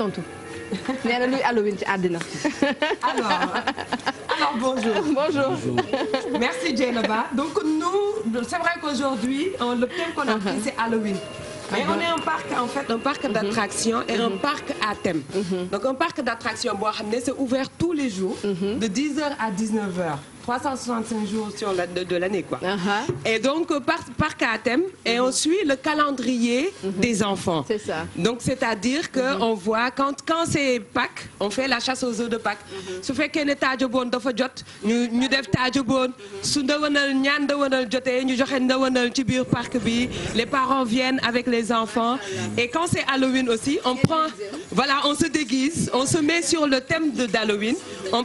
tontu nee na ci àddina. alors alors bonjour. bonjour. donc nous c'est vrai qu'aujourd'hui le thème qu'on a pris uh-huh. c'est Halloween. mais on est un parc en uh-huh. et un uh-huh. parc les jours. de à 19 365 jours sur la, de, de l'année, quoi. Uh -huh. Euh, par, le calendrier uh mm-hmm. -huh. des Donc, c'est-à-dire qu'on mm-hmm. voit, quand, quand c'est Pâques, on fait la chasse de Pâques. Mm-hmm. Su fekkee ne taajabon dafa jot, ñu ñu def taajabon. Su ndawanal ñaan ndawanal jotee, ñu joxe ndawanal ci biir parc bi. Les parents viennent avec les enfants. Et quand c'est Halloween aussi, on prend, voilà, on se on se le thème de d'Halloween. On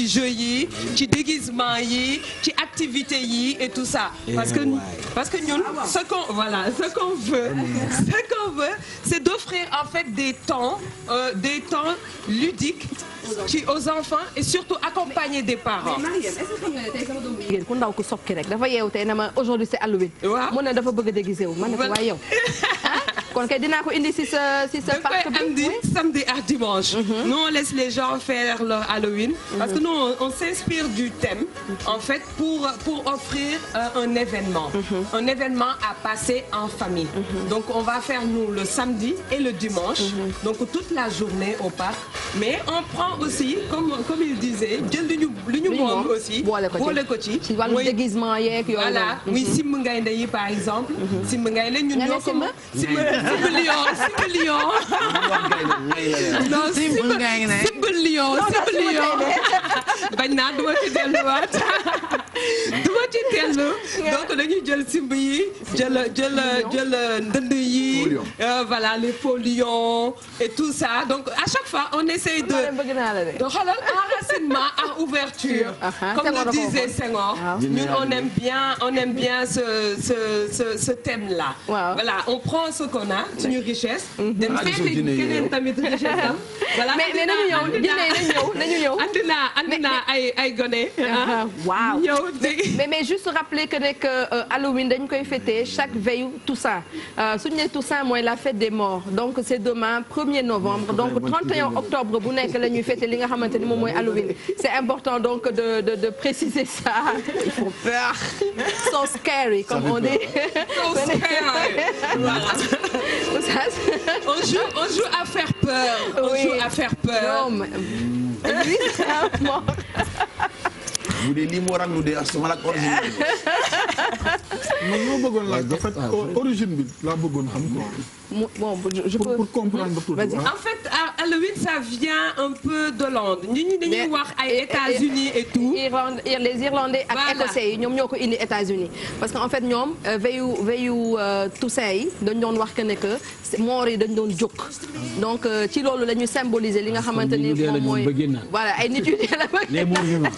ci jeux yi ci déguisement yi ci activité yi et tout ça parce que parce que ñun ce qu'on voilà ce qu'on veut mmh. ce c'est d'offrir en fait des temps euh, des temps ludiques ci aux enfants et surtout accompagner des parents. mais Mariam est-ce que xam nga ne tey sama doom bu jigéen ku ndaw ku soppi rek dafa yeewu tey na ma aujourd'hui c'est Halloween. waaw mu ne dafa bëgg a déguisé wu ma ne ko waaye yow. kon kay dinaa ko indi si samedi samedi dimanche. Mhm. nous laisse les gens faire leur Halloween. Mhm. parce que nous on s'inspire du thème. pour pour offrir euh, un événement. Mhm. un événement à passer en famille. donc on va faire nous le samedi et le dimanche. donc toute la journée au parc. mais on prend aussi comme il disait moom boole ko ci a ko ci. ci wàllu déguisement yeeg yooyu. voilà muy mhm. simb ngay ndeyi par exemple. Mhm. simb ngay ndeyi ñun ñoo ko. nga ne simb simb lion simb lion. non simb simb lion simb lion. bañ naa duma ci delluwaat. du ma ci donc dañuy jël simb yi jël jël jël euh, voilà les folions et tout ça donc à chaque fois on essaye de de xoolal ouverture uh-huh. comme le disait Senghor ñun on aime bien on aime bien ce ce ce ce thème là voilà on prend ce qu'on a suñu richesse mm-hmm. dem ah, seeti keneen tamit richesse am voilà mais nañu ñëw nañu ñëw nañu ñëw andi naa andi naa ay ay gone uh-huh. waaw mais mais juste rappeler que nekk euh, Halloween dañ koy fêter chaque veille Toussaint euh, suñu nee Toussaint mooy la fête des morts donc c'est demain 1er novembre donc 31 octobre bu nekk la ñuy fêter li nga xamante ni moom mooy Halloween c'est important donc de de de préciser ça ils font peur so scary comme on dit so scary voilà on joue on joue à faire peur on joue à faire peur non mais mm. bu dee lii moo waral lu dee ak sama laaj origine bi. man loo bëggoon laaj en fait origine bi laa bëggoon xam quoi. bon je peux pour comprendre tout. en fait Halloween ça vient un peu d'Hollande ñu ñu dañuy wax ay États-Unis et tout. les Irlandais ak Écossais yi ñoom ñoo ko indi États-Unis parce que en fait ñoom euh, veyu veyu euh, Toussaint yi dañ doon wax que ne que moor yi dañ doon jóg donc euh, ci loolu la ñu symboliser li nga xamante ni moom mooy. voilà ay nit yu dee la bëgg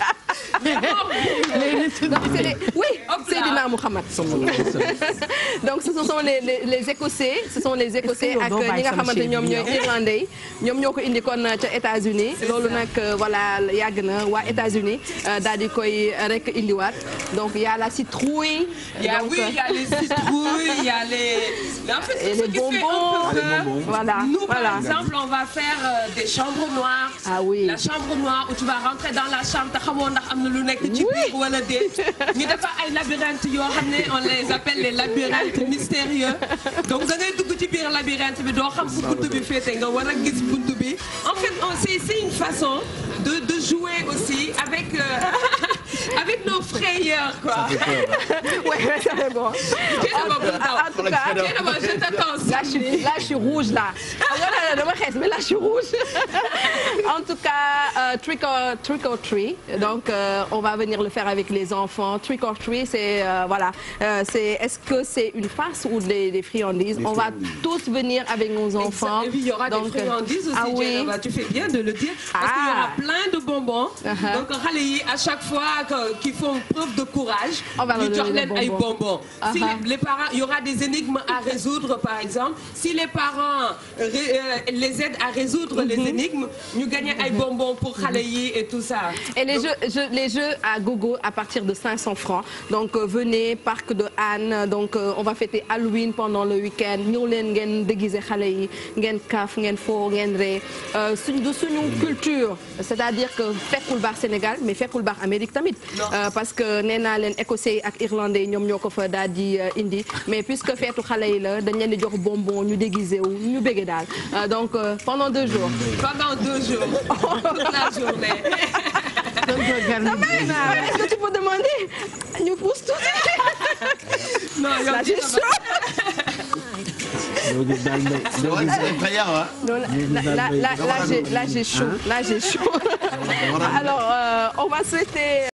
donc c'est les oui Seydina Mouhamad donc ce sont les les écossais ce sont les écossais ak ñi nga xamante ñoom ñooy irlandais yi ñoom ñoo ko indi kon ca États-Unis loolu nag euh, voilà yàgg na waa États-Unis euh, daal di koy euh, rek indiwaat donc y a la citrouille donc oui y a les citrouilles y a les en fait les ah, bonbons voilà nous par exemple on va faire des chambres noires ah oui la chambre noire où tu vas rentrer dans la chambre te xamoo ndax am na lu nekk ci biir wala déet ñu dafa ay labyrinthe yoo xam ne on les appelle les labyrinthes mystérieux donc da ngay dugg ci biir labyrinthe bi doo xam fu bunt bi féete nga war a gis bunt bi en fait on c'est une façon de de jouer aussi avec euh, Avec nos frayeurs, quoi. ouais, c'est bon. En tout cas, je t'attends. Là, je suis rouge, là. Ah, mais là, je suis rouge. En tout cas, euh, trick, or, trick or treat. Donc, euh, on va venir le faire avec les enfants. Trick or treat, c'est, euh, voilà, euh, c'est, est-ce que c'est une farce ou des, des friandises les On va tous venir avec nos enfants. Et puis, il y aura Donc, des euh, friandises aussi, ah, oui. Général, tu fais bien de le dire. Parce ah. bonbons. Uh-huh. donc xale yi à chaque fois qu'ils font preuve de courage. Oh, ñu jox leen ay bonbons. Uh-huh. si les parents il y aura des énigmes à résoudre par exemple si les parents euh, les aident à résoudre les mm-hmm. énigmes ñu gagner ay mm-hmm. bonbons pour xale mm-hmm. yi et tout ça. et les jeux les jeux à gogo à partir de 500 francs donc euh, venez parc de Hann donc euh, on va fêter Halloween pendant le week-end ñëw leen ngeen déguiser xale yi ngeen kaaf ngeen foo ngeen ree suñu suñu culture c'est-à-dire que fekkul baax Sénégal mais fekkul baax Amérique tamit euh, parce que nee naa leen écossais yi ak irlandais yi ñoom ñoo ko fa daal di euh, indi mais puisque feetu xale yi la dañ leen di jox bonbon ñu déguisé wu ñu béggee daal euh, donc pendant deux jours pendant deux jours toute la tout non non là là là Alors, euh, on va souhaiter.